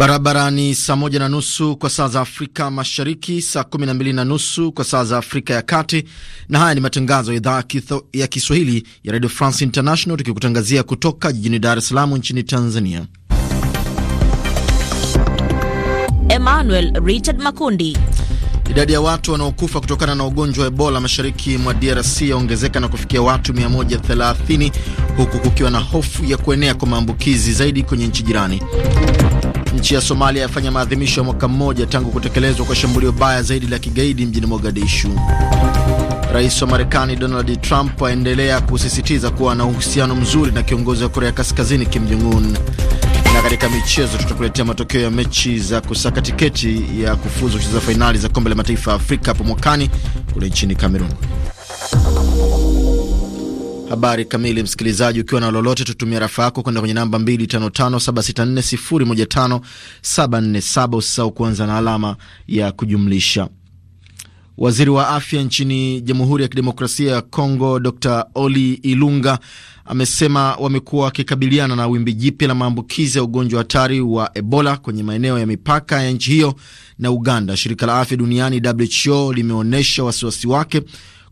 Barabara ni saa moja na nusu kwa saa za Afrika Mashariki, saa kumi na mbili na nusu kwa saa za Afrika ya Kati. Na haya ni matangazo ya idhaa ya Kiswahili ya Radio France International, tukikutangazia kutoka jijini Dar es Salaam nchini Tanzania. Emmanuel Richard Makundi. Idadi ya watu wanaokufa kutokana na ugonjwa wa Ebola mashariki mwa DRC yaongezeka na kufikia watu 130 huku kukiwa na hofu ya kuenea kwa maambukizi zaidi kwenye nchi jirani. Nchi ya Somalia yafanya maadhimisho ya mwaka mmoja tangu kutekelezwa kwa shambulio baya zaidi la kigaidi mjini Mogadishu. Rais wa Marekani Donald Trump aendelea kusisitiza kuwa na uhusiano mzuri na kiongozi wa Korea Kaskazini Kim Jong Un. Na katika michezo tutakuletea matokeo ya mechi za kusaka tiketi ya kufuzu kucheza fainali za kombe la mataifa ya Afrika hapo mwakani kule nchini Kamerun. Habari kamili, msikilizaji, ukiwa na lolote, tutumia rafa yako kwenda kwenye namba 255764015747. Usisahau kuanza na alama ya kujumlisha. Waziri wa afya nchini Jamhuri ya Kidemokrasia ya Kongo Dr Oli Ilunga amesema wamekuwa wakikabiliana na wimbi jipya la maambukizi ya ugonjwa hatari wa Ebola kwenye maeneo ya mipaka ya nchi hiyo na Uganda. Shirika la Afya Duniani WHO limeonyesha wasiwasi wake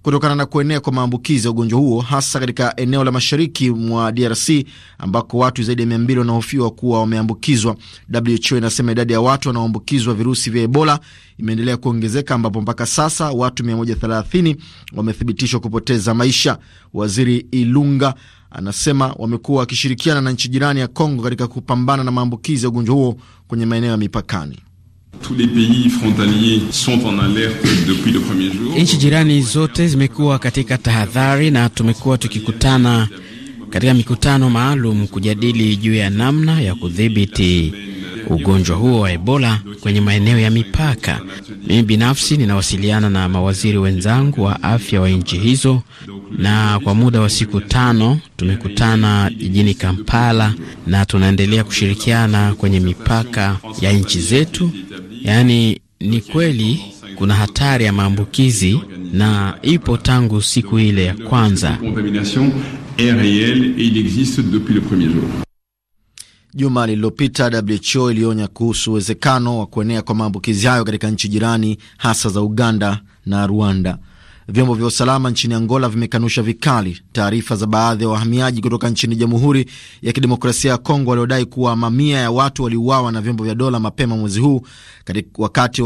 kutokana na kuenea kwa maambukizi ya ugonjwa huo hasa katika eneo la mashariki mwa DRC ambako watu zaidi ya mbili wanahofiwa kuwa wameambukizwa. WHO inasema idadi ya watu wanaoambukizwa virusi vya Ebola imeendelea kuongezeka ambapo mpaka sasa watu 130 wamethibitishwa kupoteza maisha. Waziri Ilunga anasema wamekuwa wakishirikiana na nchi jirani ya Kongo katika kupambana na maambukizi ya ugonjwa huo kwenye maeneo ya mipakani. Nchi jirani zote zimekuwa katika tahadhari na tumekuwa tukikutana katika mikutano maalum kujadili juu ya namna ya kudhibiti ugonjwa huo wa Ebola kwenye maeneo ya mipaka. Mimi binafsi ninawasiliana na mawaziri wenzangu wa afya wa nchi hizo, na kwa muda wa siku tano tumekutana jijini Kampala na tunaendelea kushirikiana kwenye mipaka ya nchi zetu Yaani ni kweli kuna hatari ya maambukizi na ipo tangu siku ile ya kwanza. Juma lililopita WHO ilionya kuhusu uwezekano wa kuenea kwa maambukizi hayo katika nchi jirani hasa za Uganda na Rwanda. Vyombo vya usalama nchini Angola vimekanusha vikali taarifa za baadhi ya wahamiaji kutoka nchini Jamhuri ya Kidemokrasia ya Kongo waliodai kuwa mamia ya watu waliuawa na vyombo vya dola mapema mwezi huu wakati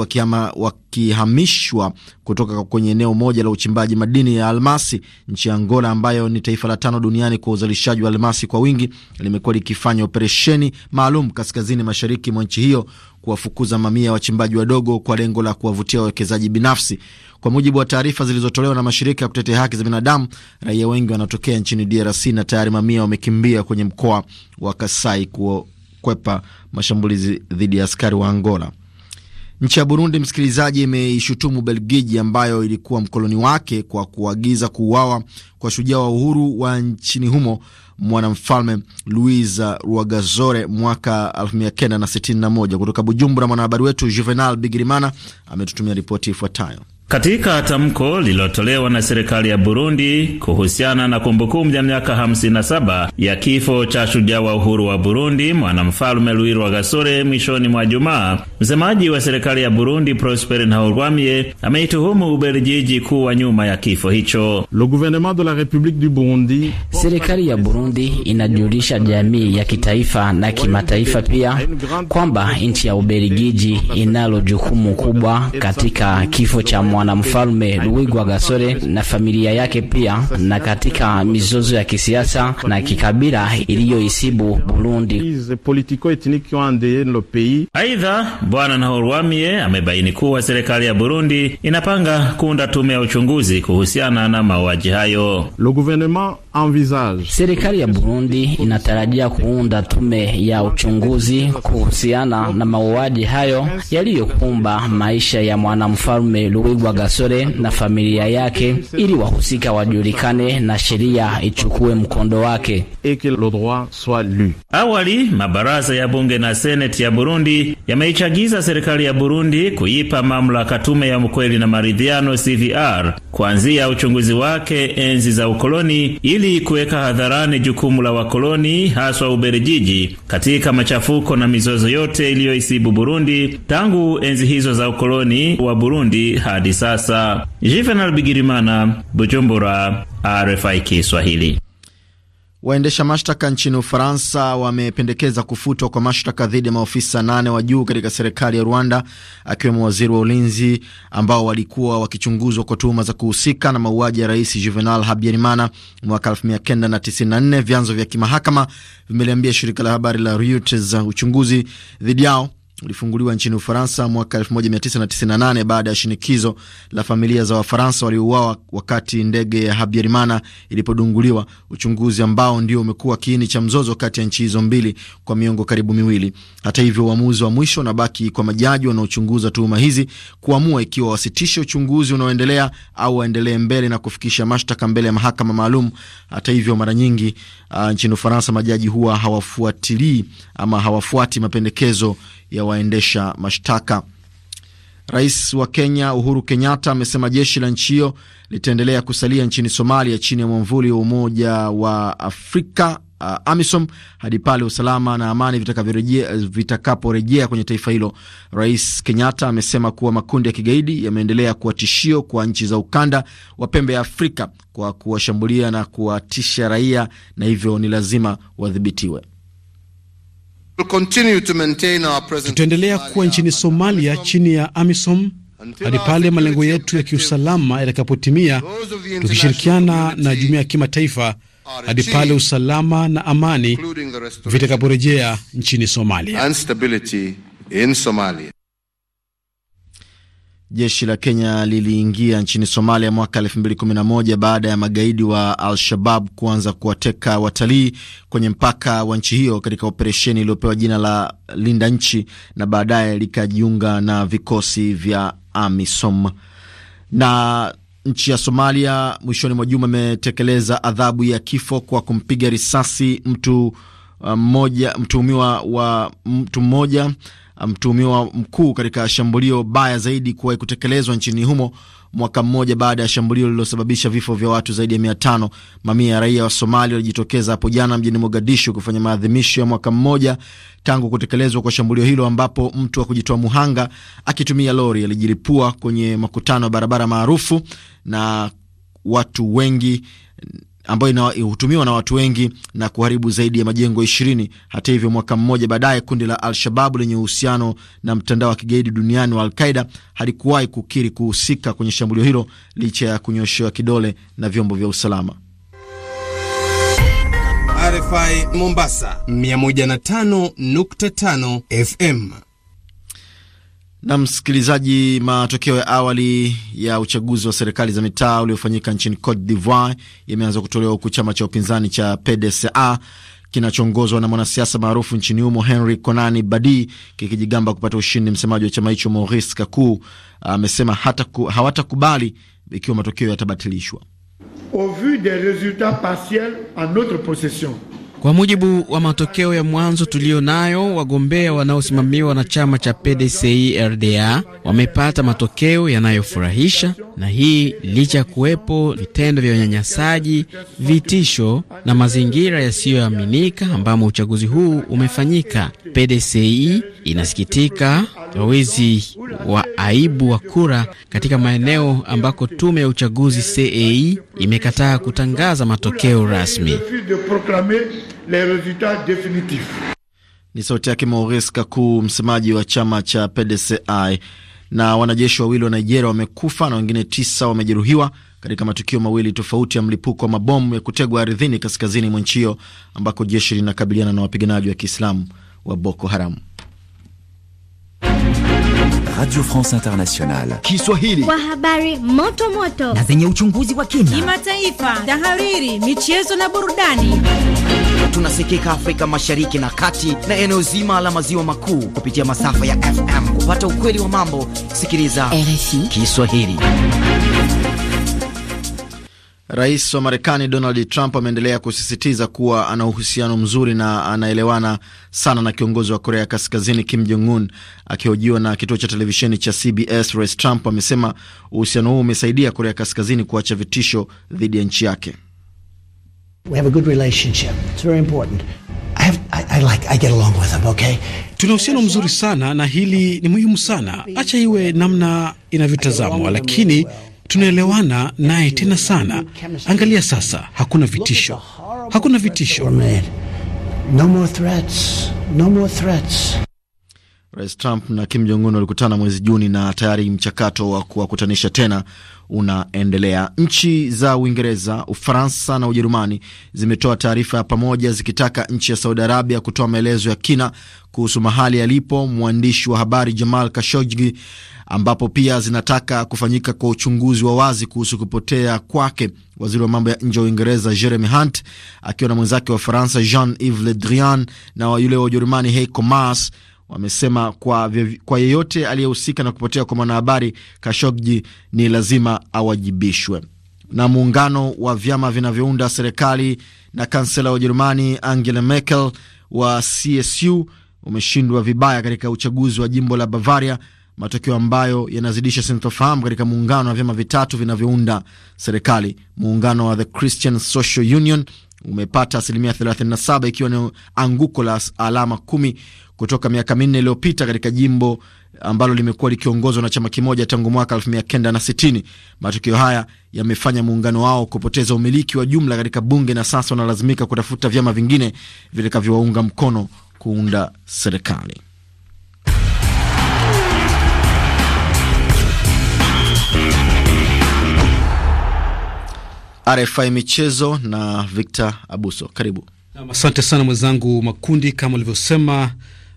wakihamishwa kutoka kwenye eneo moja la uchimbaji madini ya almasi. Nchi ya Angola ambayo ni taifa la tano duniani kwa uzalishaji wa almasi kwa wingi limekuwa likifanya operesheni maalum kaskazini mashariki mwa nchi hiyo kuwafukuza mamia ya wachimbaji wadogo kwa lengo la kuwavutia wawekezaji binafsi. Kwa mujibu wa taarifa zilizotolewa na mashirika ya kutetea haki za binadamu, raia wengi wanatokea nchini DRC na tayari mamia wamekimbia kwenye mkoa wa Kasai kukwepa mashambulizi dhidi ya askari wa Angola. Nchi ya Burundi, msikilizaji, imeishutumu Belgiji ambayo ilikuwa mkoloni wake kwa kuagiza kuuawa kwa shujaa wa uhuru wa nchini humo mwanamfalme Louis Rwagazore mwaka 1961. Kutoka Bujumbura, mwanahabari wetu Juvenal Bigirimana ametutumia ripoti ifuatayo. Katika tamko lililotolewa na serikali ya Burundi kuhusiana na kumbukumbu ya miaka 57 ya kifo cha shujaa wa uhuru wa Burundi mwanamfalme Louis Rwagasore mwishoni mwa Jumaa, msemaji wa serikali ya Burundi Prosper Ntahorwamiye ameituhumu Ubelgiji kuwa nyuma ya kifo hicho. Le gouvernement de la du Burundi, serikali ya Burundi inajulisha jamii ya kitaifa na kimataifa pia kwamba nchi ya Ubelgiji inalo jukumu kubwa katika kifo cha mwa mwanamfalme Luigwa Gasore na familia yake pia, na katika mizozo ya kisiasa na kikabila iliyoisibu Burundi. Aidha, Bwana Nahorwamie amebaini kuwa serikali ya Burundi inapanga kuunda tume ya uchunguzi kuhusiana na mauaji hayo. Serikali ya Burundi inatarajia kuunda tume ya uchunguzi kuhusiana na mauaji hayo yaliyokumba maisha ya mwanamfalme Luigwa Mugwa Gasore na familia yake ili wahusika wajulikane na sheria ichukue mkondo wake. Awali mabaraza ya bunge na seneti ya Burundi yameichagiza serikali ya Burundi kuipa mamlaka tume ya mkweli na maridhiano CVR kuanzia uchunguzi wake enzi za ukoloni ili kuweka hadharani jukumu la wakoloni haswa Ubelgiji katika machafuko na mizozo yote iliyoisibu Burundi tangu enzi hizo za ukoloni wa Burundi hadi sasa. Jivenal Bigirimana, Bujumbura, RFI Kiswahili. Waendesha mashtaka nchini Ufaransa wamependekeza kufutwa kwa mashtaka dhidi ya maofisa nane wa juu katika serikali ya Rwanda, akiwemo waziri wa ulinzi, ambao walikuwa wakichunguzwa kwa tuhuma za kuhusika na mauaji ya rais Juvenal Habyarimana mwaka 1994. Vyanzo vya kimahakama vimeliambia shirika la habari la Reuters uchunguzi dhidi yao ulifunguliwa nchini Ufaransa mwaka 1998 baada ya shinikizo la familia za Wafaransa waliouawa wakati ndege ya Habyarimana ilipodunguliwa, uchunguzi ambao ndio umekuwa kiini cha mzozo kati ya nchi hizo mbili kwa miongo karibu miwili. Hata hivyo, uamuzi wa mwisho unabaki kwa majaji wanaochunguza tuhuma hizi kuamua ikiwa wasitishe uchunguzi unaoendelea au waendelee mbele na kufikisha mashtaka mbele ya mahakama maalum. Hata hivyo, mara nyingi uh, nchini Ufaransa majaji huwa hawafuatilii ama hawafuati mapendekezo ya waendesha mashtaka. Rais wa Kenya Uhuru Kenyatta amesema jeshi la nchi hiyo litaendelea kusalia nchini Somalia chini ya mwamvuli wa Umoja wa Afrika uh, AMISOM hadi pale usalama na amani vitakaporejea vita kwenye taifa hilo. Rais Kenyatta amesema kuwa makundi ya kigaidi yameendelea kuwa tishio kwa nchi za ukanda wa pembe ya Afrika kwa kuwashambulia na kuwatisha raia na hivyo ni lazima wadhibitiwe. Tutaendelea kuwa nchini Somalia chini ya AMISOM hadi pale malengo yetu ya kiusalama yatakapotimia, tukishirikiana na jumuiya ya kimataifa hadi pale usalama na amani vitakaporejea nchini Somalia. Jeshi la Kenya liliingia nchini Somalia mwaka 2011 baada ya magaidi wa Al-Shabab kuanza kuwateka watalii kwenye mpaka wa nchi hiyo katika operesheni iliyopewa jina la Linda Nchi na baadaye likajiunga na vikosi vya AMISOM. Na nchi ya Somalia mwishoni mwa juma imetekeleza adhabu ya kifo kwa kumpiga risasi mtu uh, mmoja, mtuhumiwa wa mtu mmoja mtuhumiwa mkuu katika shambulio baya zaidi kuwahi kutekelezwa nchini humo mwaka mmoja baada ya shambulio lililosababisha vifo vya watu zaidi ya mia tano. Mamia ya raia wa Somalia walijitokeza hapo jana mjini Mogadishu kufanya maadhimisho ya mwaka mmoja tangu kutekelezwa kwa shambulio hilo, ambapo mtu wa kujitoa muhanga akitumia lori alijilipua kwenye makutano ya barabara maarufu na watu wengi ambayo hutumiwa na watu wengi na kuharibu zaidi ya majengo ishirini. Hata hivyo, mwaka mmoja baadaye kundi la Al-Shababu lenye uhusiano na mtandao wa kigaidi duniani wa Al-Qaida halikuwahi kukiri kuhusika kwenye shambulio hilo licha ya kunyoshewa kidole na vyombo vya usalama. RFI Mombasa 105.5 FM na msikilizaji, matokeo ya awali ya uchaguzi wa serikali za mitaa uliofanyika nchini Cote d'Ivoire yameanza kutolewa huku chama cha upinzani cha PDCA kinachoongozwa na mwanasiasa maarufu nchini humo Henry Konani Badi kikijigamba kupata ushindi. Msemaji wa chama hicho Maurice Kaku amesema uh, hawatakubali ikiwa matokeo yatabatilishwa. au vu des resultats partiels en notre possession kwa mujibu wa matokeo ya mwanzo tuliyo nayo, wagombea wanaosimamiwa na chama cha PDCI RDA wamepata matokeo yanayofurahisha, na hii licha ya kuwepo vitendo vya unyanyasaji, vitisho na mazingira yasiyoaminika ambamo uchaguzi huu umefanyika. PDCI inasikitika wizi wa aibu wa kura katika maeneo ambako tume ya uchaguzi CEI imekataa kutangaza matokeo rasmi. Ni sauti yake Maurice Kaku, msemaji wa chama cha PDCI. Na wanajeshi wawili wa Nigeria wamekufa na wengine tisa wamejeruhiwa katika matukio mawili tofauti ya mlipuko wa mabomu ya kutegwa ardhini kaskazini mwa nchi hiyo ambako jeshi linakabiliana na wapiganaji wa Kiislamu wa Boko Haram. Radio France Internationale Kiswahili, kwa habari moto moto na zenye uchunguzi wa kina, kimataifa, tahariri, michezo na burudani tunasikika Afrika Mashariki na Kati na eneo zima la maziwa makuu kupitia masafa ya FM. Kupata ukweli wa mambo, sikiliza RFI Kiswahili. Rais wa Marekani Donald Trump ameendelea kusisitiza kuwa ana uhusiano mzuri na anaelewana sana na kiongozi wa Korea Kaskazini Kim Jong Un. Akihojiwa na kituo cha televisheni cha CBS, Rais Trump amesema uhusiano huu umesaidia Korea Kaskazini kuacha vitisho dhidi ya nchi yake. We have a good relationship. It's very important. I have, I, I like, I get along with him, okay? Tuna uhusiano mzuri sana na hili ni muhimu sana. Acha iwe namna inavyotazamwa, lakini tunaelewana naye tena sana. Angalia sasa, hakuna vitisho, hakuna vitisho. No more threats. No more threats. Rais Trump na Kim Jong Un walikutana mwezi Juni na tayari mchakato wa kuwakutanisha tena unaendelea. Nchi za Uingereza, Ufaransa na Ujerumani zimetoa taarifa ya pamoja zikitaka nchi ya Saudi Arabia kutoa maelezo ya kina kuhusu mahali yalipo mwandishi wa habari Jamal Khashoggi, ambapo pia zinataka kufanyika kwa uchunguzi wa wazi kuhusu kupotea kwake. Waziri wa mambo ya nje wa Uingereza Jeremy Hunt akiwa na mwenzake wa Faransa Jean Yves Le Drian na yule wa Ujerumani Heiko Maas wamesema kwa, kwa yeyote aliyehusika na kupotea kwa mwanahabari Kashogji ni lazima awajibishwe. Na muungano wa vyama vinavyounda serikali na kansela wa Ujerumani Angela Merkel wa CSU umeshindwa vibaya katika uchaguzi wa jimbo la Bavaria, matokeo ambayo yanazidisha sintofahamu katika muungano wa vyama vitatu vinavyounda serikali. Muungano wa The Christian Social Union umepata asilimia 37 ikiwa ni anguko la alama kumi kutoka miaka minne iliyopita katika jimbo ambalo limekuwa likiongozwa na chama kimoja tangu mwaka 1960. Matukio haya yamefanya muungano wao kupoteza umiliki wa jumla katika bunge na sasa wanalazimika kutafuta vyama vingine vitakavyowaunga mkono kuunda serikali. RFI Michezo na Victor Abuso, karibu. Asante sana mwenzangu Makundi, kama ulivyosema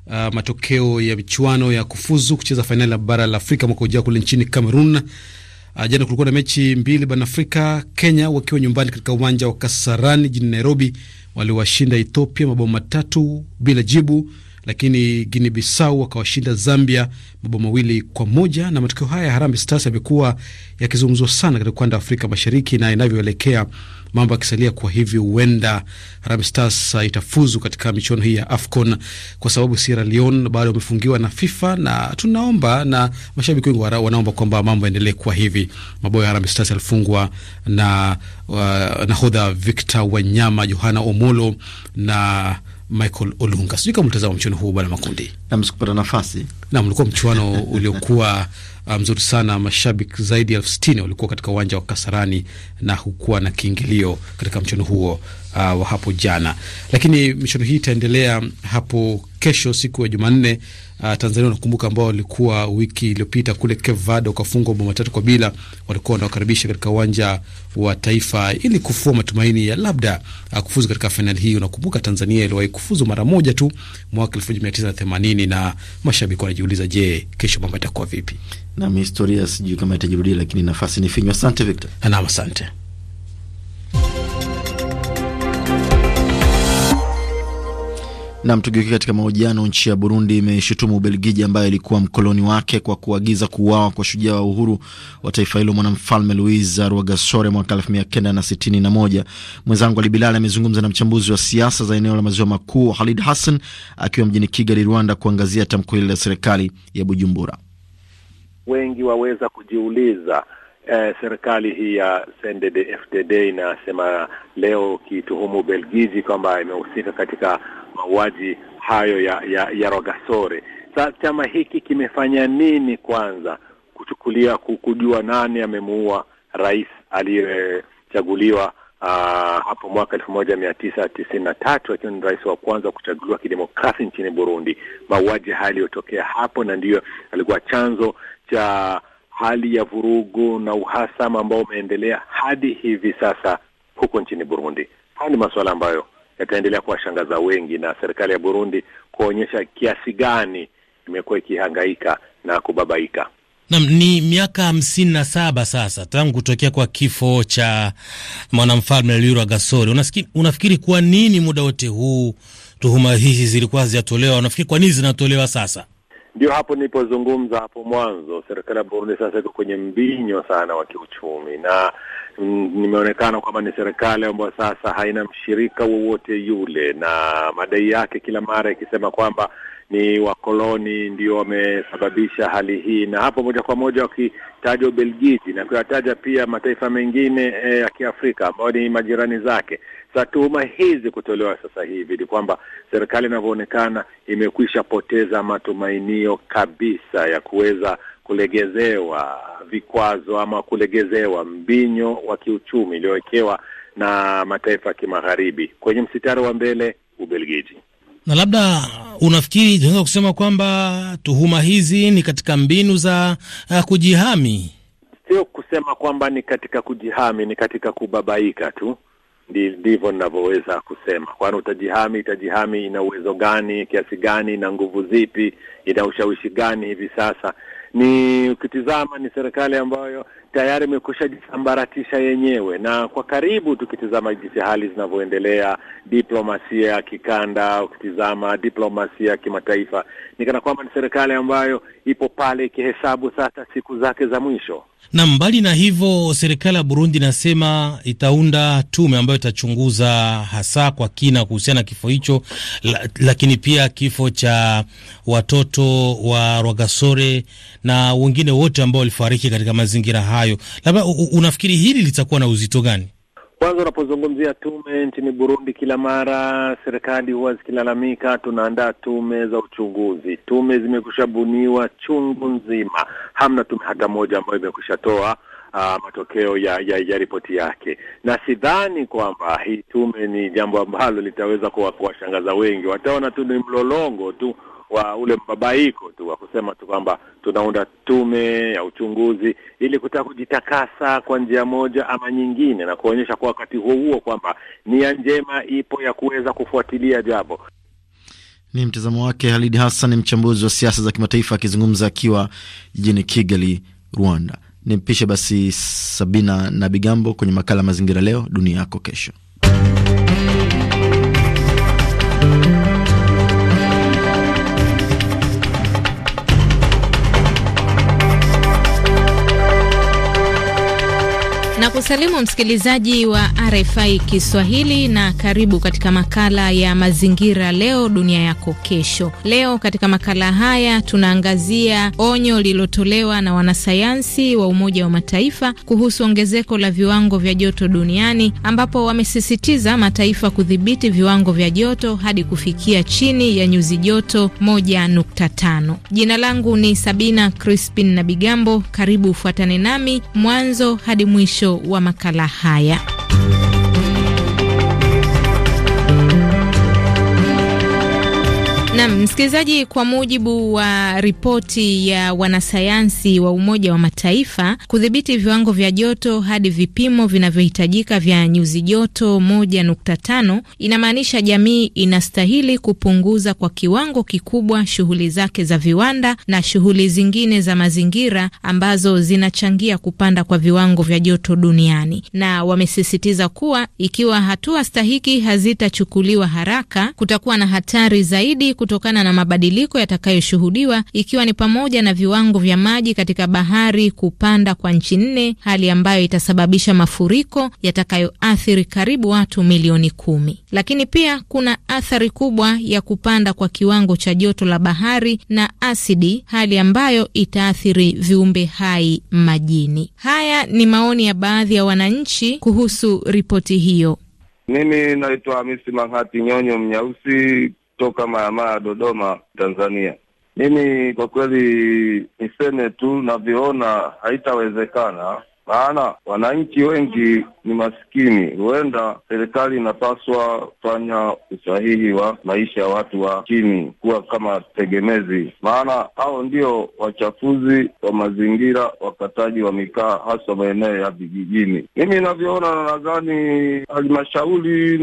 uh, matokeo ya michuano ya kufuzu kucheza fainali ya bara la Afrika mwaka ujao kule nchini Cameroon. Uh, jana kulikuwa na mechi mbili barani Afrika. Kenya wakiwa nyumbani katika uwanja wa Kasarani jijini Nairobi waliwashinda Ethiopia mabao matatu bila jibu lakini Guini Bisau wakawashinda Zambia mabao mawili kwa moja. Na matokeo haya Harambee Stars yamekuwa yakizungumzwa sana katika ukanda wa Afrika Mashariki, na inavyoelekea mambo yakisalia kwa hivi, huenda Harambee Stars itafuzu katika michuano hii ya AFCON kwa sababu Sierra Leone bado wamefungiwa na FIFA, na tunaomba na mashabiki wengi wanaomba kwamba mambo yaendelee kwa hivi. Mabao ya Harambee Stars yalifungwa na uh, nahodha Victor Wanyama, Johana Omolo na Michael Olunga. Sijui kama mtazamo mchuano huu bwana Makundi. Naam, nafasi. Naam, ulikuwa mchuano uliokuwa uh, mzuri sana. Mashabiki zaidi ya elfu sitini walikuwa katika uwanja wa Kasarani na hukuwa na kiingilio katika mchuano huo uh, wa hapo jana, lakini michuano hii itaendelea hapo kesho siku ya Jumanne uh, Tanzania unakumbuka, ambao walikuwa wiki iliyopita kule Cape Verde wakafungwa bao matatu kwa bila, walikuwa wanawakaribisha katika uwanja wa Taifa ili kufua matumaini ya labda uh, kufuzu katika fainali hii. Unakumbuka Tanzania iliwahi kufuzu mara moja tu mwaka 1980 na mashabiki wanajiuliza, je, kesho mambo yatakuwa vipi? Nam historia sijui kama itajirudia, lakini nafasi ni finywa. Asante Victor. Nam, asante. Nam, tugeukia katika mahojiano. Nchi ya Burundi imeshutumu Ubelgiji ambayo ilikuwa mkoloni wake kwa kuagiza kuuawa kwa shujaa wa uhuru wa taifa hilo mwanamfalme Louis Rwagasore mwaka 1961. Mwenzangu Ali Bilali amezungumza na mchambuzi wa siasa za eneo la maziwa makuu Halid Hassan akiwa mjini Kigali, Rwanda, kuangazia tamko hili la serikali ya Bujumbura. Wengi waweza kujiuliza eh, serikali hii ya CNDD-FDD inasema leo kituhumu Belgiji kwamba imehusika katika mauaji hayo ya, ya, ya Rogasore. Sasa chama hiki kimefanya nini kwanza kuchukulia kujua nani amemuua rais aliyechaguliwa Uh, hapo mwaka elfu moja mia tisa tisini na tatu akiwa ni rais wa kwanza kuchaguliwa kidemokrasi nchini Burundi. Mauaji haya yaliyotokea hapo na ndiyo alikuwa chanzo cha hali ya vurugu na uhasama ambao umeendelea hadi hivi sasa huko nchini Burundi. Haya ni masuala ambayo yataendelea kuwashangaza wengi, na serikali ya Burundi kuonyesha kiasi gani imekuwa ikihangaika na kubabaika. Naam, ni miaka hamsini na saba sasa tangu kutokea kwa kifo cha mwanamfalme Laurent Gasore. unafikiri kwa nini muda wote huu tuhuma hizi zilikuwa hazijatolewa? Unafikiri kwa nini zinatolewa sasa? Ndio hapo nilipozungumza hapo mwanzo, serikali ya Burundi sasa iko kwenye mbinyo sana wa kiuchumi, na mm, nimeonekana kwamba ni serikali ambayo sasa haina mshirika wowote yule, na madai yake kila mara ikisema kwamba ni wakoloni ndio wamesababisha hali hii, na hapo moja kwa moja wakitaja Ubelgiji na kuyataja pia mataifa mengine eh, ya e, Kiafrika ambayo ni majirani zake, za tuhuma hizi kutolewa sasa hivi ni kwamba serikali inavyoonekana imekwisha poteza matumainio kabisa ya kuweza kulegezewa vikwazo ama kulegezewa mbinyo wa kiuchumi iliyowekewa na mataifa ya kimagharibi. Kwenye msitari wa mbele Ubelgiji. Na labda unafikiri tunaweza kusema kwamba tuhuma hizi ni katika mbinu za uh, kujihami? Sio kusema kwamba ni katika kujihami, ni katika kubabaika tu ndivyo ninavyoweza kusema. Kwani utajihami itajihami ina uwezo gani, kiasi gani, na nguvu zipi, ina ushawishi gani? Hivi sasa ni ukitizama, ni serikali ambayo tayari imekusha jisambaratisha yenyewe, na kwa karibu tukitizama jinsi hali zinavyoendelea, diplomasia ya kikanda, ukitizama diplomasia ya kimataifa, ni kana kwamba ni serikali ambayo ipo pale ikihesabu sasa siku zake za mwisho. Na mbali na hivyo, serikali ya Burundi inasema itaunda tume ambayo itachunguza hasa kwa kina kuhusiana na kifo hicho, lakini pia kifo cha watoto wa Rwagasore na wengine wote ambao walifariki katika mazingira hayo. Labda unafikiri hili litakuwa na uzito gani? Kwanza unapozungumzia tume nchini Burundi, kila mara serikali huwa zikilalamika, tunaandaa tume za uchunguzi. Tume zimekwisha buniwa chungu nzima, hamna tume hata moja ambayo imekusha toa Uh, ah, matokeo ya, ya, ya ripoti yake, na sidhani kwamba hii tume ni jambo ambalo litaweza kuwashangaza wengi. Wataona tu ni mlolongo tu wa ule mbabaiko tu wa kusema tu kwamba tunaunda tume ya uchunguzi ili kutaka kujitakasa kwa njia moja ama nyingine, na kuonyesha kwa wakati huo huo kwamba nia njema ipo ya kuweza kufuatilia jambo. Ni mtazamo wake Halid Hassan, mchambuzi wa siasa za kimataifa, akizungumza akiwa jijini Kigali, Rwanda. Nimpishe basi Sabina na Bigambo kwenye makala Mazingira Leo Dunia Yako Kesho. Wasalimu msikilizaji wa RFI Kiswahili na karibu katika makala ya mazingira leo dunia yako kesho. Leo katika makala haya tunaangazia onyo lililotolewa na wanasayansi wa Umoja wa Mataifa kuhusu ongezeko la viwango vya joto duniani ambapo wamesisitiza mataifa kudhibiti viwango vya joto hadi kufikia chini ya nyuzi joto 1.5. Jina langu ni Sabina Crispin na Bigambo. Karibu ufuatane nami mwanzo hadi mwisho wa makala haya. Nam msikilizaji, kwa mujibu wa ripoti ya wanasayansi wa Umoja wa Mataifa, kudhibiti viwango vya joto hadi vipimo vinavyohitajika vya nyuzi joto 1.5 inamaanisha jamii inastahili kupunguza kwa kiwango kikubwa shughuli zake za viwanda na shughuli zingine za mazingira ambazo zinachangia kupanda kwa viwango vya joto duniani, na wamesisitiza kuwa ikiwa hatua stahiki hazitachukuliwa haraka kutakuwa na hatari zaidi kutokana na mabadiliko yatakayoshuhudiwa ikiwa ni pamoja na viwango vya maji katika bahari kupanda kwa nchi nne, hali ambayo itasababisha mafuriko yatakayoathiri karibu watu milioni kumi. Lakini pia kuna athari kubwa ya kupanda kwa kiwango cha joto la bahari na asidi, hali ambayo itaathiri viumbe hai majini. Haya ni maoni ya baadhi ya wananchi kuhusu ripoti hiyo. Mimi naitwa Hamisi Manghati Nyonyo Mnyausi toka Mayamaa, Dodoma, Tanzania. Mimi kwa kweli niseme tu, navyoona haitawezekana maana wananchi wengi ni maskini. Huenda serikali inapaswa kufanya usahihi wa maisha ya watu wa chini kuwa kama tegemezi, maana hao ndio wachafuzi wa mazingira, wakataji wa mikaa, hasa maeneo ya vijijini. Mimi inavyoona, nadhani halmashauri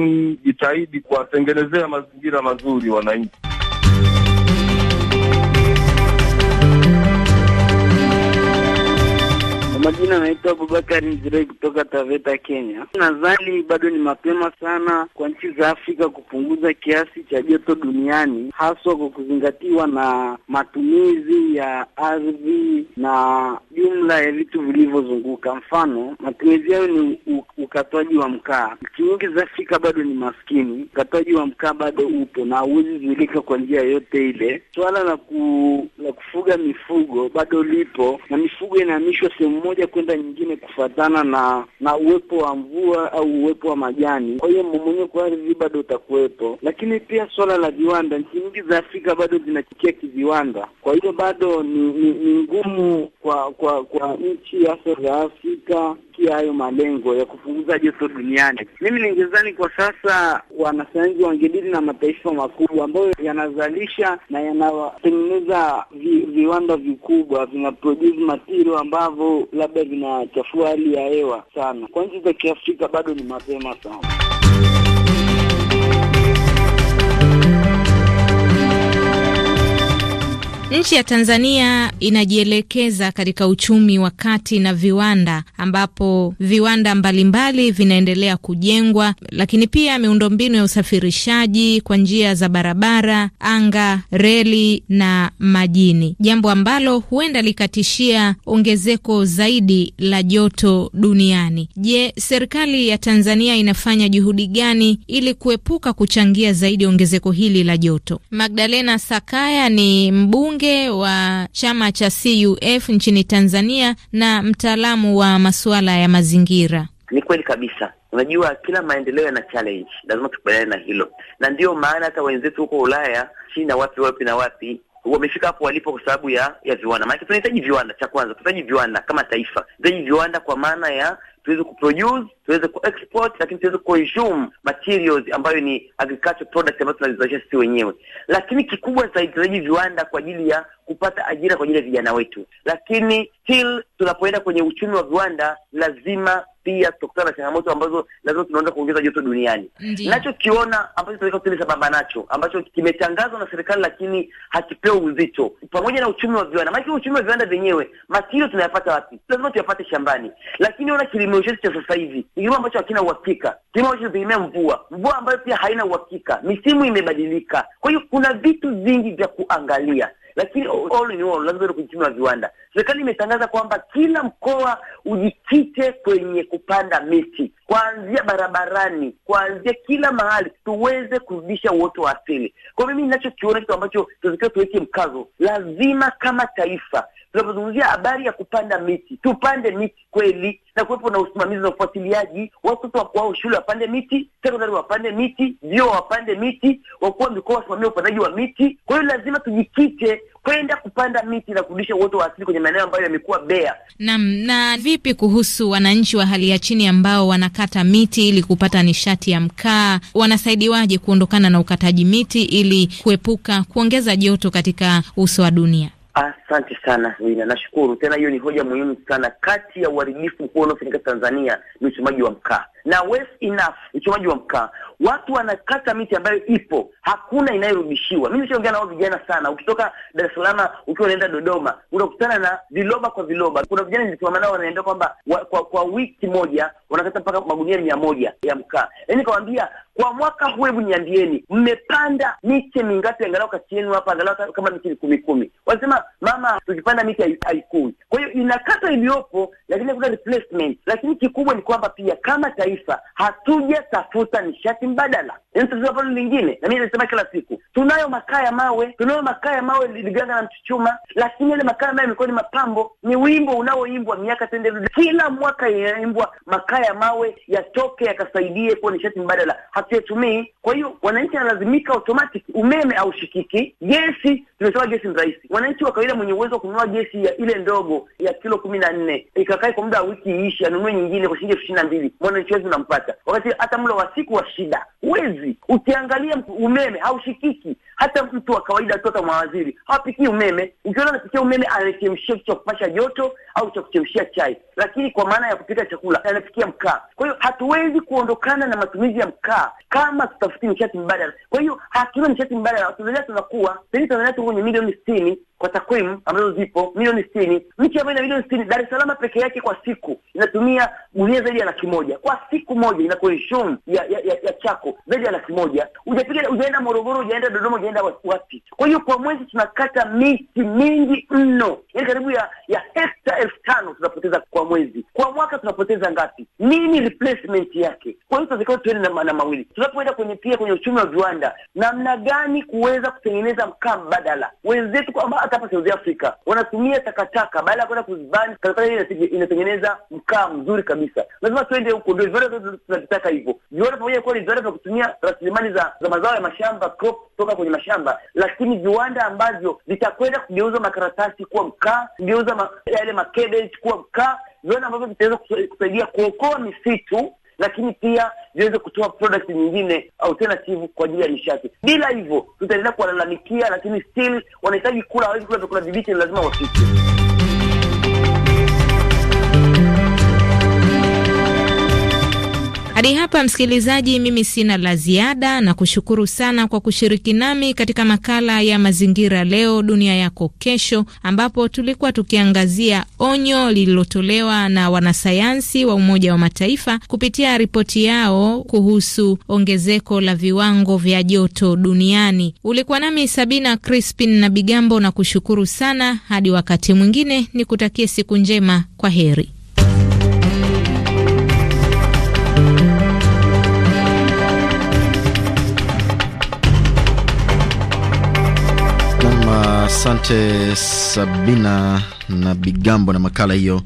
jitahidi kuwatengenezea mazingira mazuri wananchi. majina naitwa Abubakari Nzirei kutoka Taveta, Kenya. Nadhani bado ni mapema sana kwa nchi za Afrika kupunguza kiasi cha joto duniani, haswa kwa kuzingatiwa na matumizi ya ardhi na jumla ya vitu vilivyozunguka. Mfano, matumizi hayo ni ukatwaji wa mkaa. Nchi nyingi za Afrika bado ni maskini, ukatwaji wa mkaa bado upo na hauwezi zuilika kwa njia yote ile. Suala la, ku, la kufuga mifugo bado lipo na mifugo inahamishwa sehemu moja kwenda nyingine kufatana na na uwepo wa mvua au uwepo wa majani. Kwa hiyo mmomonyoko wa ardhi bado utakuwepo, lakini pia swala la viwanda, nchi nyingi za Afrika bado zinachukia kiviwanda. Kwa hiyo bado ni, ni, ni ngumu kwa kwa kwa nchi hasa za Afrika kia hayo malengo ya kupunguza joto duniani. Mimi ningezani kwa sasa wanasayansi wangedili na mataifa makubwa ambayo yanazalisha na yanatengeneza vi, viwanda vikubwa vinaproduce material ambavyo labda zinachafua hali ya hewa sana. Kwa nchi za Kiafrika bado ni mapema sana. Nchi ya Tanzania inajielekeza katika uchumi wa kati na viwanda, ambapo viwanda mbalimbali vinaendelea kujengwa, lakini pia miundombinu ya usafirishaji kwa njia za barabara, anga, reli na majini, jambo ambalo huenda likatishia ongezeko zaidi la joto duniani. Je, serikali ya Tanzania inafanya juhudi gani ili kuepuka kuchangia zaidi ongezeko hili la joto? Magdalena Sakaya ni mbunge mbunge wa chama cha CUF nchini Tanzania na mtaalamu wa masuala ya mazingira. Ni kweli kabisa. Unajua, kila maendeleo yana challenge, lazima tukubaliane na hilo, na ndiyo maana hata wenzetu huko Ulaya, China, wapi wapi na wapi wamefika hapo walipo kwa sababu ya ya viwanda. Maanake tunahitaji viwanda, cha kwanza tunahitaji viwanda kama taifa, tunahitaji viwanda kwa maana ya tuweze kuproduce, tuweze kuexport, lakini tuweze kuconsume materials ambayo ni agriculture products ambazo tunazalisha sisi wenyewe. Lakini kikubwa zaidi tunahitaji viwanda kwa ajili ya kupata ajira kwa ajili ya vijana wetu, lakini still tunapoenda kwenye uchumi wa viwanda lazima pia kutokana na changamoto ambazo lazima tunaanza kuongeza joto duniani. Nachokiona ambacho tunaweza kutenda sababu nacho ambacho kimetangazwa na serikali lakini hakipewi uzito, pamoja na uchumi wa viwanda. Maana uchumi wa viwanda vyenyewe matirio tunayapata wapi? Lazima tuyapate shambani, lakini ona kilimo chetu cha sasa hivi ni kilimo ambacho hakina uhakika, kilimo ambacho tunategemea mvua, mvua ambayo pia haina uhakika, misimu imebadilika. Kwa hiyo kuna vitu vingi vya kuangalia, lakini all in all lazima tuwe wa viwanda serikali imetangaza kwamba kila mkoa ujikite kwenye kupanda miti kuanzia barabarani, kuanzia kila mahali, tuweze kurudisha uoto wa asili. Kwa mimi ninachokiona, kitu ambacho tunatakiwa tuweke mkazo, lazima kama taifa tunapozungumzia habari ya kupanda miti, tupande miti kweli na kuwepo na usimamizi na ufuatiliaji. Watoto wakuao shule wapande miti, sekondari wapande miti, vyuo wapande miti, wakuwa mikoa wasimamia upandaji wa miti. Kwa hiyo lazima tujikite kwenda kupanda miti na kurudisha uoto wa asili kwenye maeneo ambayo yamekuwa bea. Naam. Na vipi kuhusu wananchi wa hali ya chini ambao wanakata miti ili kupata nishati ya mkaa, wanasaidiwaje kuondokana na ukataji miti ili kuepuka kuongeza joto katika uso wa dunia? Asante sana Wina, nashukuru tena. Hiyo ni hoja muhimu sana. Kati ya uharibifu mkuu unaofanyika Tanzania ni uchomaji wa mkaa na waste enough, uchomaji wa mkaa. Watu wanakata miti ambayo ipo, hakuna inayorudishiwa. Mimi nishaongea nao vijana sana. Ukitoka Dar es Salaam ukiwa unaenda Dodoma, unakutana na viloba kwa viloba. Kuna vijana nilisimama nao wanaenda kwamba wa, kwa, kwa wiki moja wanakata mpaka magunia mia moja ya mkaa. Yaani nikamwambia kwa mwaka huu, hebu niambieni, mmepanda miche mingapi angalau kati yenu hapa, angalau kama miche kumi kumi? Wanasema mama, tukipanda miche haikui. Kwa hiyo inakata iliyopo, lakini hakuna replacement. Lakini kikubwa ni kwamba pia kama taifa hatujatafuta nishati mbadala yaani lingine, na mimi nasema kila siku, tunayo makaa ya mawe, tunayo makaa ya mawe Liganga na Mchuchuma, lakini yale makaa mawe yamekuwa ni mapambo, ni wimbo unaoimbwa miaka tende kila mwaka inaimbwa makaa ya mawe yatoke yakasaidie kuwa nishati mbadala, hatuyatumii. Kwa hiyo wananchi analazimika automatic, umeme aushikiki gesi, tumesema gesi ni rahisi. Wananchi wa kawaida mwenye uwezo wa kununua gesi ya ile ndogo ya kilo kumi na nne ikakae kwa muda wa wiki iishi, anunue nyingine kwa shilingi elfu ishirini na mbili mwananchi wezi unampata, wakati hata mlo wa siku wa shida Wezi hizi, ukiangalia umeme haushikiki. Hata mtu wa kawaida tu, hata mawaziri hawapikii umeme. Ukiona anapikia umeme, anachemshia kitu cha kupasha joto au cha kuchemshia chai, lakini kwa maana ya kupika chakula anapikia mkaa. Kwa hiyo hatuwezi kuondokana na matumizi ya mkaa kama tutafuti nishati mbadala. Kwa hiyo hatuna nishati mbadala, Tanzania tunakuwa pengine, Tanzania tuko kwenye milioni sitini kwa takwimu ambazo zipo milioni sitini, nchi ambayo ina milioni sitini, Dar es Salaam peke yake kwa siku inatumia gunia zaidi ya laki moja kwa siku moja, ina consume ya, ya, ya, ya chako zaidi ya laki moja. Ujapiga ujaenda Morogoro, ujaenda Dodoma, ujaenda wapi? Kwa hiyo kwa mwezi tunakata miti mingi mno, yani karibu ya, ya hekta elfu tano tunapoteza kwa mwezi. Kwa mwaka tunapoteza ngapi? Nini replacement yake? Kwa hiyo tunatakiwa tuende na, na mawili. Tunapoenda kwenye pia kwenye uchumi wa viwanda, namna gani kuweza kutengeneza mkaa mbadala wenzetu kwamba hata hapa South Africa wanatumia takataka badala ya kwenda kuzibani. Takataka hii inatengeneza mkaa mzuri kabisa, lazima tuende huko, ndio viwanda tunavitaka hivyo viwanda, pamoja kuwa ni viwanda vya kutumia rasilimali za, za mazao ya mashamba crop kutoka kwenye mashamba, lakini viwanda ambavyo vitakwenda kugeuza makaratasi kuwa mkaa, kugeuza ma, yale makebe kuwa mkaa, viwanda ambavyo vitaweza kusaidia kuokoa misitu lakini pia ziweze kutoa product nyingine alternative kwa ajili ya nishati. Bila hivyo tutaendelea kuwalalamikia, lakini still wanahitaji kula, hawezi kula vyakula vibichi, ni lazima wafike. Hadi hapa msikilizaji, mimi sina la ziada na kushukuru sana kwa kushiriki nami katika makala ya mazingira leo dunia yako kesho, ambapo tulikuwa tukiangazia onyo lililotolewa na wanasayansi wa Umoja wa Mataifa kupitia ripoti yao kuhusu ongezeko la viwango vya joto duniani. Ulikuwa nami Sabina Crispin na Bigambo na kushukuru sana. Hadi wakati mwingine, nikutakie siku njema. Kwa heri. Asante Sabina na Bigambo na makala hiyo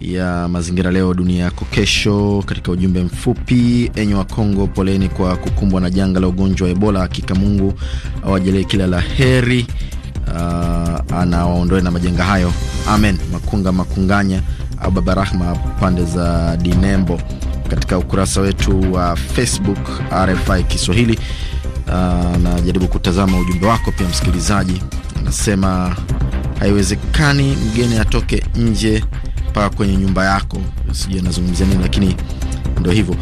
ya mazingira leo dunia yako kesho. Katika ujumbe mfupi, enyi wa Kongo, poleni kwa kukumbwa na janga la ugonjwa wa Ebola. Hakika Mungu awajalie kila la heri, uh, anawaondoe na majanga hayo, amen. Makunga Makunganya au Baba Rahma pande za Dinembo. Katika ukurasa wetu wa Facebook RFI Kiswahili, uh, najaribu kutazama ujumbe wako pia msikilizaji anasema haiwezekani mgeni atoke nje mpaka kwenye nyumba yako. Sijui anazungumzia nini, lakini ndio hivyo.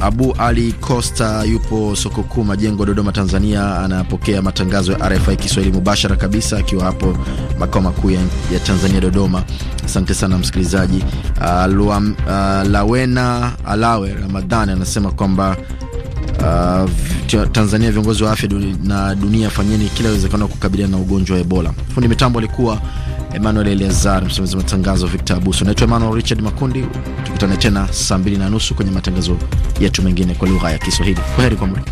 Abu Ali Costa yupo soko kuu Majengo, Dodoma, Tanzania, anapokea matangazo ya RFI Kiswahili mubashara kabisa akiwa hapo makao makuu ya Tanzania, Dodoma. Asante sana msikilizaji. Ah, Luam, ah, Lawena Alawe Ramadhani anasema kwamba uh, Tanzania, viongozi wa afya na dunia, fanyeni kila uwezekano kukabiliana na ugonjwa wa Ebola. Fundi mitambo alikuwa Emmanuel Eleazar, msimamizi wa matangazo Victor Abuso. Naitwa Emmanuel Richard Makundi, tukutane tena saa mbili na nusu kwenye matangazo yetu mengine kwa lugha ya Kiswahili. Kwaheri kwa muda.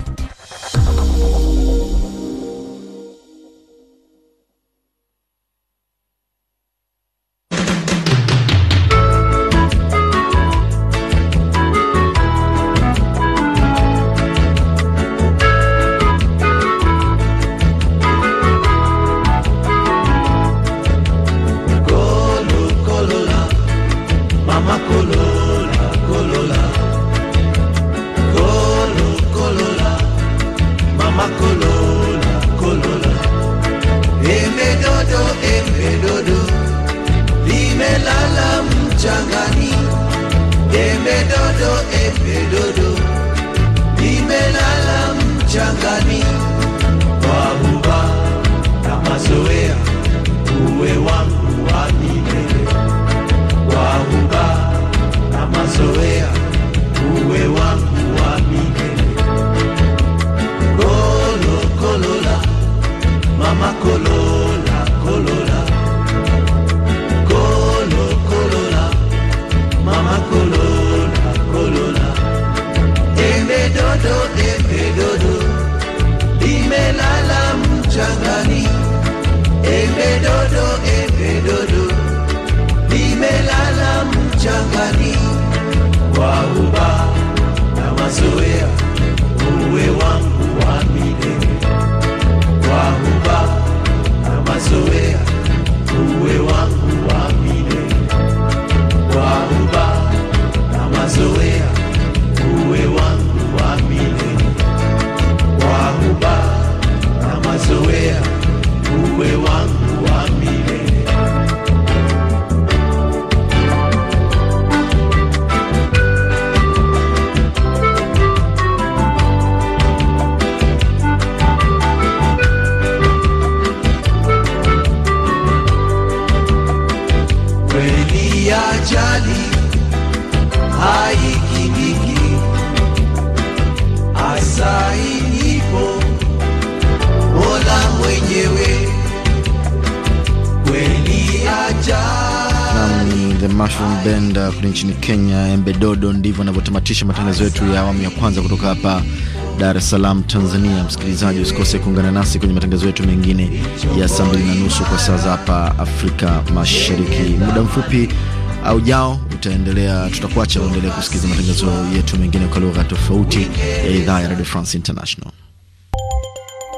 Kenya, Embe Dodo. Ndivyo anavyotamatisha matangazo yetu ya awamu ya kwanza kutoka hapa Dar es Salaam, Tanzania. Msikilizaji, usikose kuungana nasi kwenye matangazo yetu mengine ya saa mbili na nusu kwa saa za hapa Afrika Mashariki. Muda mfupi aujao utaendelea, tutakuacha uendelee kusikiliza matangazo yetu mengine kwa lugha tofauti ya idhaa ya Radio France International.